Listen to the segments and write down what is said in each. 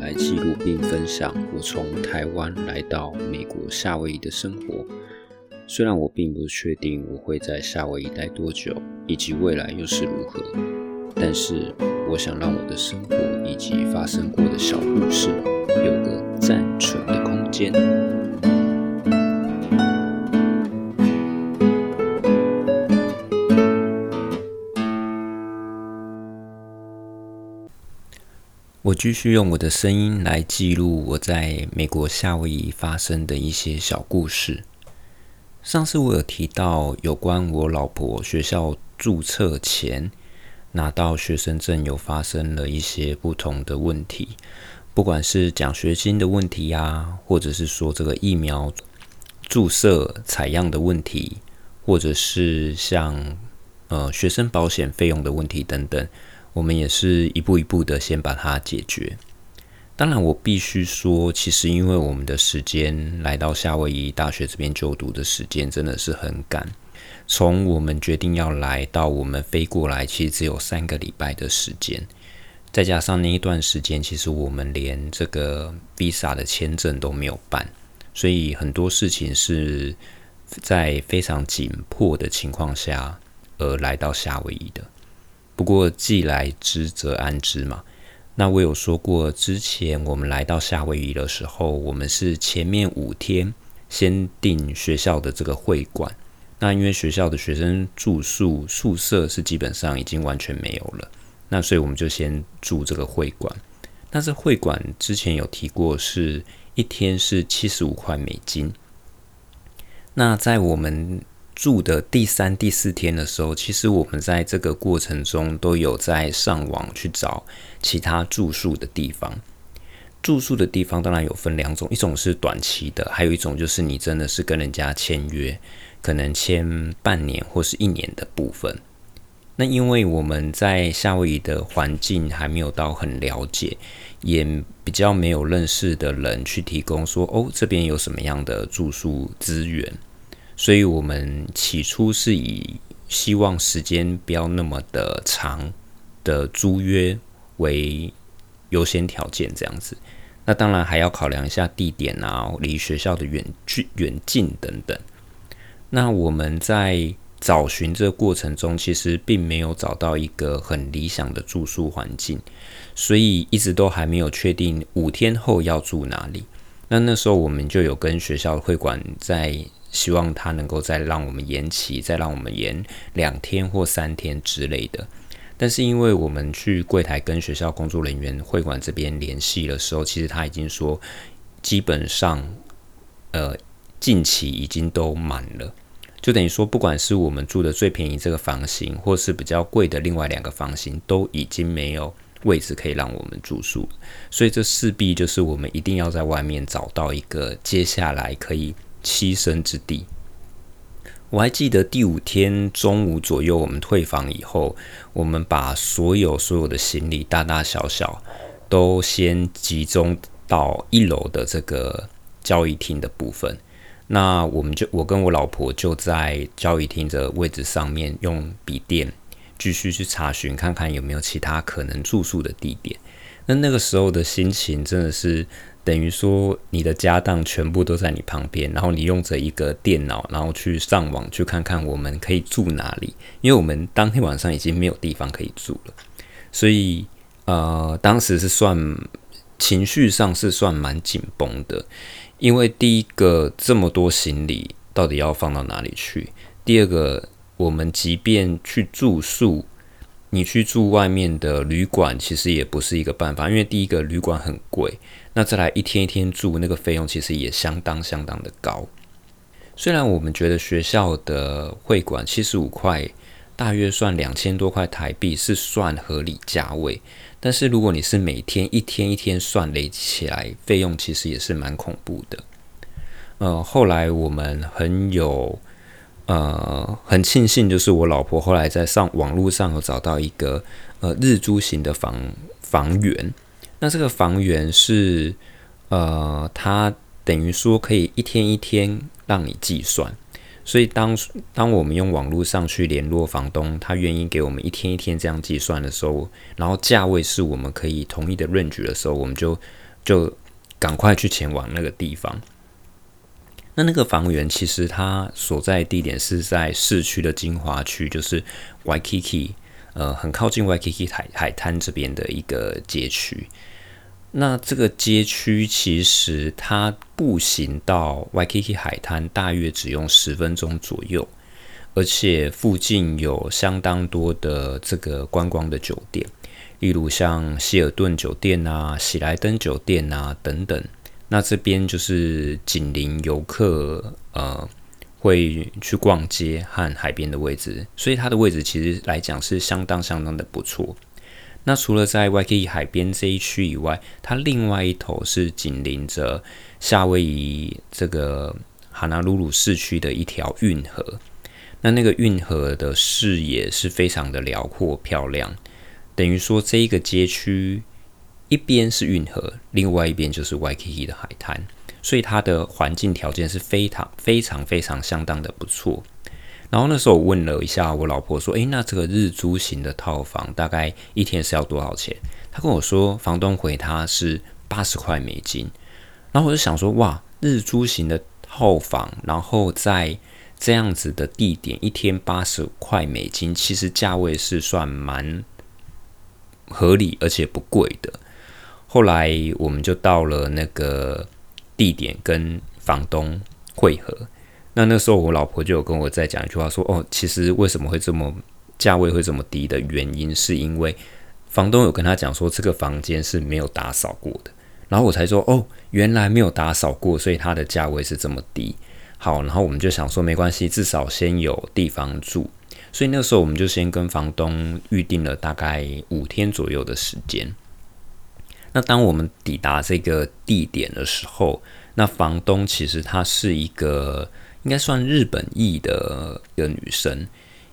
來記錄並分享我從台灣來到美國夏威夷的生活。雖然我並不確定我會在夏威夷待多久，以及未來又是如何，但是我想讓我的生活以及發生過的小故事有個暫存的空間。我繼續用我的聲音來記錄我在美國夏威夷發生的一些小故事。上次我有提到有關我老婆學校注冊前拿到學生證，有發生了一些不同的問題，不管是獎學金的問題呀、啊，或者是說這個疫苗注射採樣的問題，或者是像呃學生保險費用的問題等等。我們也是一步一步的先把它解決。當然，我必須說，其實因為我們的時間來到夏威夷大學這邊就讀的時間真的是很趕，從我們決定要來到我們飛過來，其實只有三個禮拜的時間，再加上那一段時間，其實我們連這個 visa 的簽證都沒有辦，所以很多事情是在非常緊迫的情況下而來到夏威夷的。不過既來之則安之嘛。那我有說過，之前我們來到夏威夷的時候，我們是前面五天先訂學校的這個會館。那因為學校的學生住宿宿舍是基本上已經完全沒有了，那所以我們就先住這個會館。那這會館之前有提過，是一天是七十五塊美金。那在我們住的第三、第四天的時候，其實我們在這個過程中都有在上網去找其他住宿的地方。住宿的地方當然有分兩種，一種是短期的，還有一種就是你真的是跟人家簽約，可能簽半年或是一年的部分。那因為我們在夏威夷的環境還沒有到很了解，也比較沒有認識的人去提供說，哦，這邊有什麼樣的住宿資源。所以我們起初是以希望時間不要那麼的長的租約為優先條件，這樣子。那當然還要考量一下地點啊，離學校的遠距遠近等等。那我們在找尋這個過程中，其實並沒有找到一個很理想的住宿環境，所以一直都還沒有確定五天後要住哪裡。那那時候我們就有跟學校會館在，希望他能夠再讓我們延期，再讓我們延兩天或三天之類的。但是因為我們去櫃檯跟學校工作人員會館這邊聯繫的時候，其實他已經說基本上，呃，近期已經都滿了，就等於說，不管是我們住的最便宜這個房型，或是比較貴的另外兩個房型，都已經沒有位置可以讓我們住宿。所以這勢必就是我們一定要在外面找到一個接下來可以。棲身之地。我還記得第五天中午左右，我們退房以後，我們把所有所有的行李，大大小小，都先集中到一樓的這個交易廳的部分。那我們就我跟我老婆就在交易廳的位置上面用，用筆電繼續去查詢，看看有沒有其他可能住宿的地點。那那個時候的心情真的是等於說，你的家當全部都在你旁邊，然後你用着一個電腦，然後去上網去看看我們可以住哪裡，因為我們當天晚上已經沒有地方可以住了，所以呃，當時是算情緒上是算蠻緊繃的，因為第一個這麼多行李到底要放到哪裡去，第二個我們即便去住宿。你去住外面的旅館，其實也不是一個辦法，因為第一個旅館很貴，那再來一天一天住，那個費用其實也相當相當的高。雖然我們覺得學校的會館七十五塊，大約算兩千多塊台幣是算合理價位，但是如果你是每天一天一天算累起來，費用其實也是蠻恐怖的。呃，後來我們很有。呃，很慶幸，就是我老婆後來在上網絡上有找到一個呃日租型的房房源。那這個房源是呃，它等於說可以一天一天讓你計算。所以當當我們用網絡上去聯絡房東，他願意給我們一天一天這樣計算的時候，然後價位是我們可以同意的 range 的時候，我們就就趕快去前往那個地方。那那個房源其實它所在地點是在市區的精華區，就是 Waikiki，呃，很靠近 Waikiki 海海灘這邊的一個街區。那這個街區其實它步行到 Waikiki 海灘大約只用十分鐘左右，而且附近有相當多的這個觀光的酒店，例如像希爾頓酒店啊、喜來登酒店啊等等。那這邊就是緊鄰遊客呃會去逛街和海邊的位置，所以它的位置其實來講是相當相當的不錯。那除了在外 a k i 海邊這一區以外，它另外一頭是緊鄰着夏威夷這個哈納魯魯市區的一條運河。那那個運河的視野是非常的遼闊漂亮，等於說，這一個街區。一邊是運河，另外一邊就是 Waikiki 的海灘，所以它的環境條件是非常、非常、非常相當的不錯。然後那時候我問了一下我老婆說：“誒，那這個日租型的套房大概一天是要多少錢？”她跟我說，房東回他是八十塊美金。然後我就想說：“哇，日租型的套房，然後在這樣子的地點，一天八十塊美金，其實價位是算蠻合理，而且不貴的。”後來我們就到了那個地點，跟房東會合。那那時候我老婆就有跟我再講一句話，說：“哦，其實為什麼會這麼價位會這麼低的原因，是因為房東有跟他講說，這個房間是沒有打掃過的。”然後我才說：“哦，原來沒有打掃過，所以它的價位是這麼低。”好，然後我們就想說，沒關係，至少先有地方住。所以那時候我們就先跟房東預定了大概五天左右的時間。那當我們抵達這個地點的時候，那房東其實她是一個應該算日本裔的一個女生，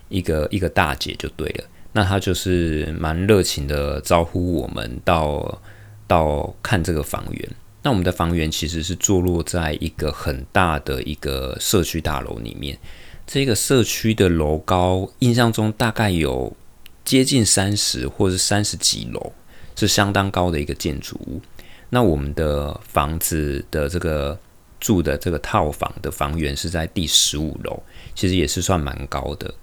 一個一個大姐就對了。那她就是蠻熱情的招呼我們到到看這個房源。那我們的房源其實是坐落在一個很大的一個社區大樓裡面，這個社區的樓高印象中大概有接近三十或是三十幾樓。是相當高的一個建築物。那我們的房子的這個住的這個套房的房源是在第十五樓，其實也是算蠻高的。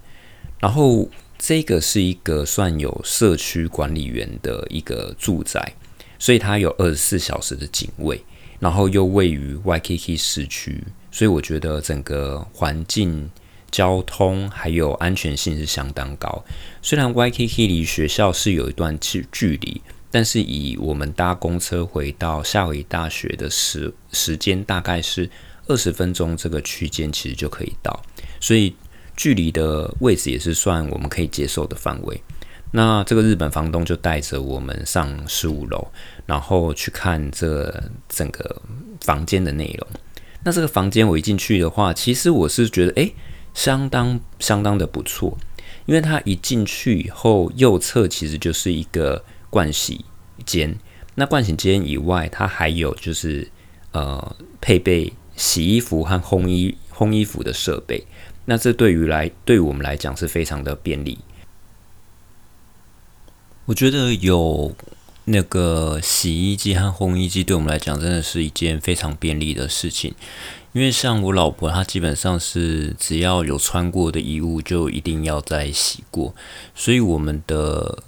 然後這個是一個算有社區管理員的一個住宅，所以它有二十四小時的警衛，然後又位於 Waikiki 市區，所以我覺得整個環境、交通還有安全性是相當高。雖然 Waikiki 離學校是有一段距距離。但是以我們搭公車回到夏威夷大學的時時間，大概是二十分鐘這個區間，其實就可以到，所以距離的位置也是算我們可以接受的範圍。那這個日本房東就帶着我們上十五樓，然後去看這整個房間的內容。那這個房間我一進去的話，其實我是覺得哎，相當相當的不錯，因為它一進去以後，右側其實就是一個。盥洗間，那盥洗間以外，它還有就是，呃，配備洗衣服和烘衣，烘衣服的設備。那這對於來，對我們來講是非常的便利。我覺得有那個洗衣機和烘衣機，對我們來講，真的是一件非常便利的事情。因為像我老婆，她基本上是只要有穿過的衣物，就一定要再洗過。所以我們的。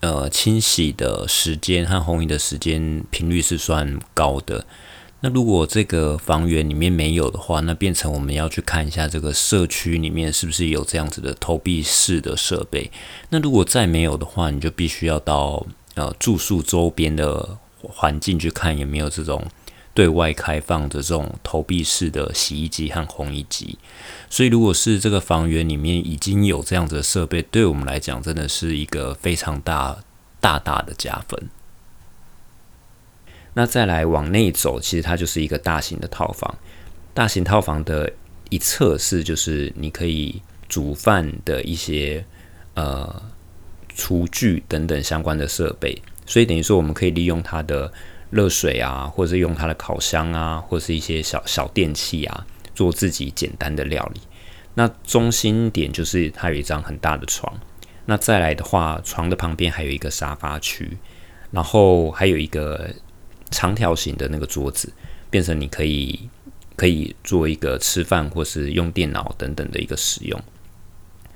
呃，清洗的時間和烘衣的時間頻率是算高的。那如果這個房源裡面沒有的話，那變成我們要去看一下這個社區裡面是不是有這樣子的投幣式的設備。那如果再沒有的話，你就必須要到呃住宿周邊的環境去看有沒有這種對外開放的這種投幣式的洗衣機和烘衣機。所以，如果是這個房源裡面已經有這樣子的設備，對我們來講真的是一個非常大大大的加分。那再來往內走，其實它就是一個大型的套房。大型套房的一側是就是你可以煮飯的一些呃廚具等等相關的設備，所以等於說我們可以利用它的熱水啊，或者是用它的烤箱啊，或者是一些小小電器啊。做自己簡單的料理，那中心點就是它有一張很大的床。那再來的話，床的旁邊還有一個沙發區，然後還有一個長條形的那個桌子，變成你可以可以做一個吃飯或是用電腦等等的一個使用。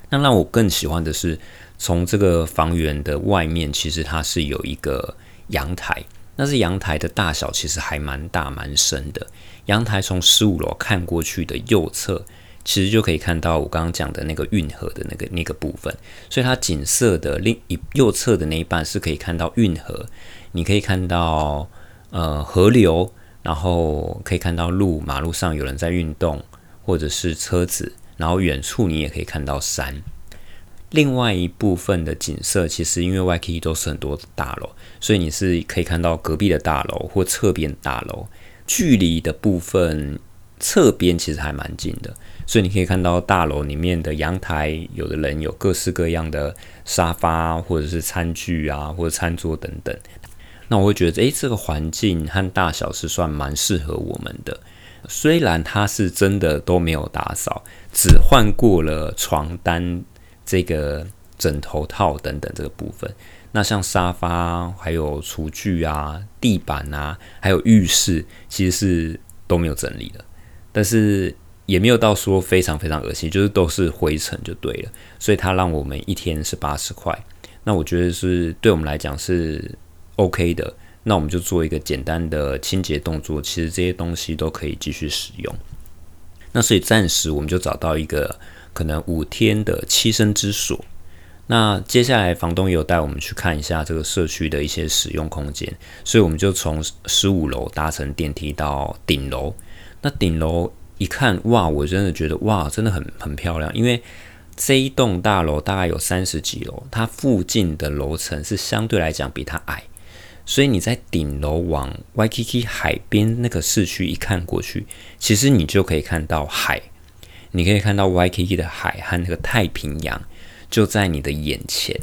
那讓我更喜歡的是，從這個房源的外面，其實它是有一個陽台。那是陽台的大小，其實還蠻大蠻深的。陽台從十五樓看過去的右側，其實就可以看到我剛剛講的那個運河的那個那個部分。所以它景色的另一右側的那一半是可以看到運河，你可以看到呃河流，然後可以看到路，馬路上有人在運動，或者是車子，然後遠處你也可以看到山。另外一部分的景色，其實因為外 K 都是很多的大樓，所以你是可以看到隔壁的大樓或側邊大樓距離的部分，側邊其實還蠻近的，所以你可以看到大樓裡面的陽台，有的人有各式各樣的沙發或者是餐具啊，或者餐桌等等。那我會覺得，誒，這個環境和大小是算蠻適合我們的，雖然它是真的都沒有打掃，只換過了床單。這個枕頭套等等這個部分，那像沙發、還有廚具啊、地板啊，還有浴室，其實是都沒有整理的，但是也沒有到說非常非常噁心，就是都是灰塵就對了。所以它讓我們一天是八十塊，那我覺得是對我們來講是 OK 的。那我們就做一個簡單的清潔動作，其實這些東西都可以繼續使用。那所以暫時我們就找到一個。可能五天的棲身之所。那接下來，房東也有帶我們去看一下這個社區的一些使用空間。所以我們就從十五樓搭乘電梯到頂樓。那頂樓一看，哇！我真的覺得，哇，真的很很漂亮。因為這一棟大樓大概有三十幾樓，它附近的樓層是相對來講比它矮，所以你在頂樓往 Waikiki 海邊那個市區一看過去，其實你就可以看到海。你可以看到 Waikiki 的海和那個太平洋就在你的眼前，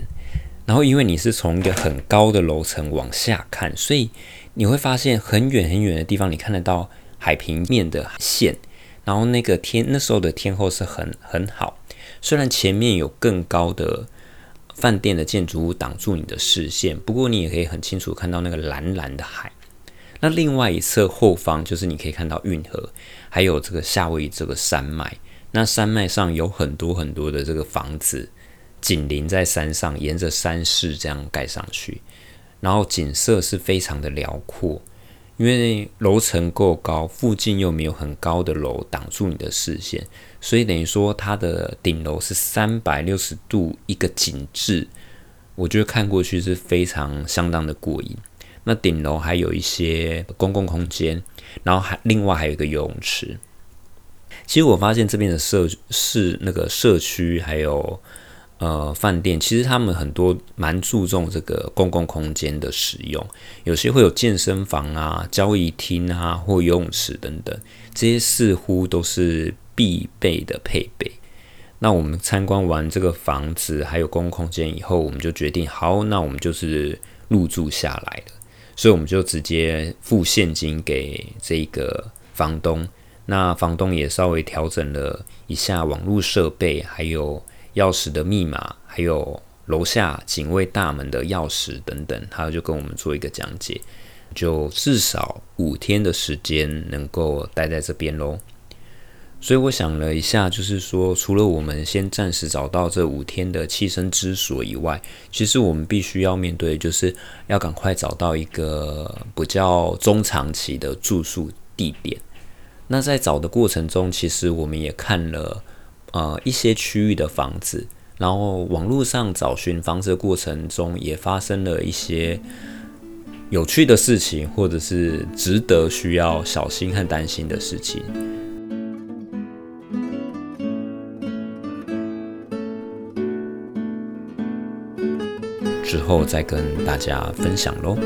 然後因為你是從一個很高的樓層往下看，所以你會發現很遠很遠的地方，你看得到海平面的線，然後那個天那時候的天候是很很好，雖然前面有更高的飯店的建築物擋住你的視線，不過你也可以很清楚看到那個藍藍的海。那另外一側後方就是你可以看到運河，還有這個夏威夷這個山脈。那山脈上有很多很多的這個房子，緊鄰在山上，沿着山勢這樣蓋上去，然後景色是非常的遼闊，因為樓層夠高，附近又沒有很高的樓擋住你的視線，所以等於說它的頂樓是三百六十度一個景致，我覺得看過去是非常相當的過癮。那頂樓還有一些公共空間，然後還另外還有一個游泳池。其實我發現這邊的社是那個社區，還有呃飯店，其實他們很多蠻注重這個公共空間的使用，有些會有健身房啊、交誼廳啊或游泳池等等，這些似乎都是必備的配備。那我們參觀完這個房子還有公共空間以後，我們就決定好，那我們就是入住下來了，所以我們就直接付現金給這個房東。那房東也稍微調整了一下網絡設備，還有鑰匙的密碼，還有樓下警衛大門的鑰匙等等，他就跟我們做一個講解，就至少五天的時間能夠待在這邊嘍。所以我想了一下，就是說，除了我們先暫時找到這五天的棲身之所以外，其實我們必須要面對，就是要趕快找到一個比較中長期的住宿地點。那在找的過程中，其實我們也看了呃一些區域的房子，然後網絡上找尋房子的過程中，也發生了一些有趣的事情，或者是值得需要小心和擔心的事情。之後再跟大家分享嘍。